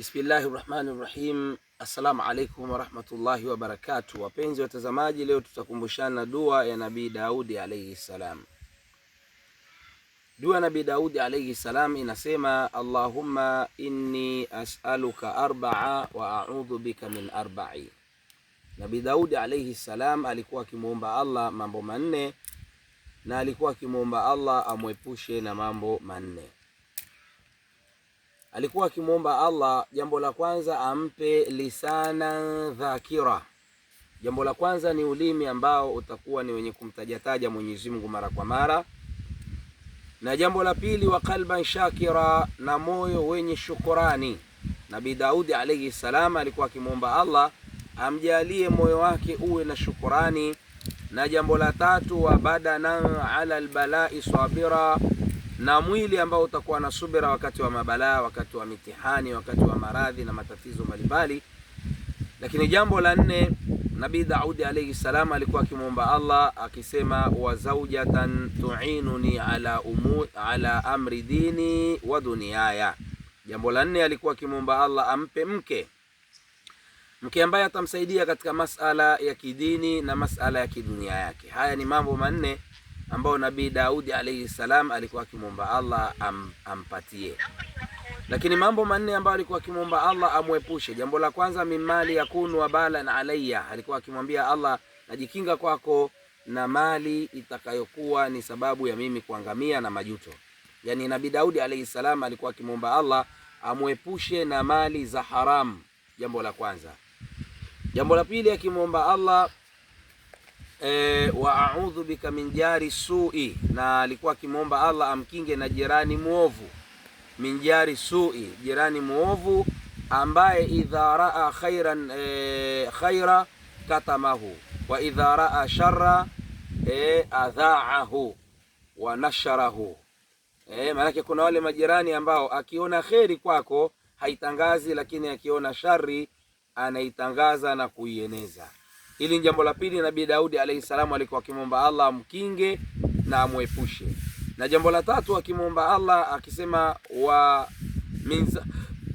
Bismillahi rahmani rahim. Assalamu alaikum warahmatullahi wabarakatu. Wapenzi watazamaji, leo tutakumbushana dua ya Nabii Daudi alaihi salam. Dua ya Nabii Daudi alaihi salam inasema, Allahumma inni as'aluka arbaa wa a'udhu bika min arba'i. Nabii Daudi alaihi salam alikuwa akimwomba Allah mambo manne na alikuwa akimwomba Allah amwepushe na mambo manne alikuwa akimwomba Allah, jambo la kwanza ampe lisana dhakira. Jambo la kwanza ni ulimi ambao utakuwa ni wenye kumtajataja Mwenyezi Mungu mara kwa mara, na jambo la pili wa qalban shakira, na moyo wenye shukurani. Nabii Daudi alayhi salam alikuwa akimwomba Allah amjalie moyo wake uwe na shukurani, na jambo la tatu wa badana ala albalai sabira na mwili ambao utakuwa na subira wakati wa mabalaa, wakati wa mitihani, wakati wa maradhi na matatizo mbalimbali. Lakini jambo la nne, Nabii Daudi alayhi salam alikuwa akimwomba Allah akisema, wa zaujatan tuinuni ala umu, ala amri dini wa duniaya. Jambo la nne alikuwa akimwomba Allah ampe mke mke ambaye atamsaidia katika masala ya kidini na masala ya kidunia yake. Haya ni mambo manne ambao Nabii Daudi alayhi salam alikuwa akimwomba Allah am, ampatie. Lakini mambo manne ambayo alikuwa akimwomba Allah amwepushe. Jambo la kwanza, mimali yakunu wabalan alayya, alikuwa akimwambia Allah, najikinga kwako na mali itakayokuwa ni sababu ya mimi kuangamia na majuto. Yaani Nabii Daudi alayhi salam alikuwa akimwomba Allah amwepushe na mali za haramu, jambo la kwanza. Jambo la pili, akimwomba Allah e, wa a'udhu bika min jari sui, na alikuwa akimwomba Allah amkinge na jirani mwovu. Min jari sui, jirani mwovu ambaye idha raa khairan e, khaira katamahu wa idha raa sharra e, adhaahu wa nasharahu. E, maanake kuna wale majirani ambao akiona kheri kwako haitangazi, lakini akiona shari anaitangaza na kuieneza. Hili ni jambo la pili. Nabii Daudi alayhi salamu alikuwa akimwomba Allah amkinge na amwepushe, na jambo la tatu akimwomba Allah akisema wa min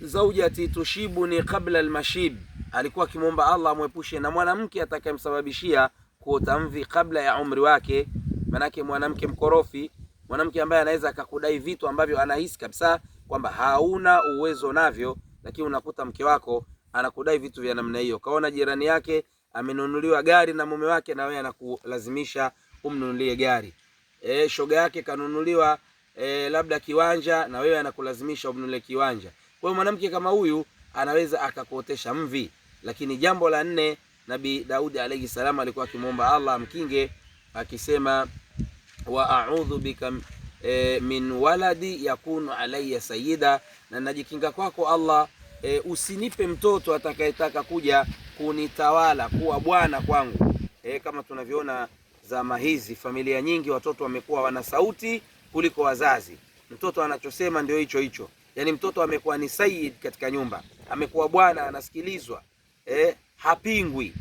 zaujati tushibuni qabla almashib, alikuwa akimwomba Allah amwepushe na mwanamke atakayemsababishia kuota mvi kabla ya umri wake. Manake mwanamke mkorofi, mwanamke ambaye anaweza akakudai vitu ambavyo anahisi kabisa kwamba hauna uwezo navyo, lakini unakuta mke wako anakudai vitu vya namna hiyo. Kaona jirani yake amenunuliwa gari na mume wake, na wewe anakulazimisha umnunulie gari. E, shoga yake kanunuliwa e, labda kiwanja, na wewe anakulazimisha umnunulie kiwanja. Kwa hiyo mwanamke kama huyu anaweza akakuotesha mvi. Lakini jambo la nne, Nabii Daudi alayhi salam alikuwa akimwomba Allah amkinge akisema, wa a'udhu bika e, min waladi yakunu alayya sayida, na najikinga kwako Allah e, usinipe mtoto atakayetaka kuja kunitawala, kuwa bwana kwangu. E, kama tunavyoona zama hizi familia nyingi watoto wamekuwa wana sauti kuliko wazazi. Mtoto anachosema ndio hicho hicho, yaani mtoto amekuwa ni sayid katika nyumba, amekuwa bwana, anasikilizwa e, hapingwi.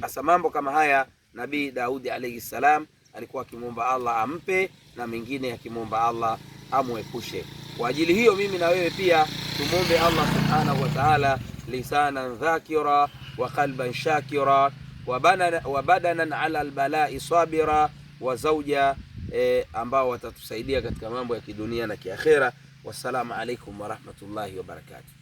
Sasa mambo kama haya Nabii Daudi alayhi salam alikuwa akimwomba Allah ampe na mengine akimwomba Allah amwepushe. Kwa ajili hiyo mimi na wewe pia tumwombe Allah subhanahu wa ta'ala lisanan dhakira wa qalban shakira wa badana, wa badanan ala albalai sabira wa zauja e, ambao watatusaidia katika mambo ya kidunia na kiakhera. Wassalamu alaikum warahmatullahi wabarakatuh.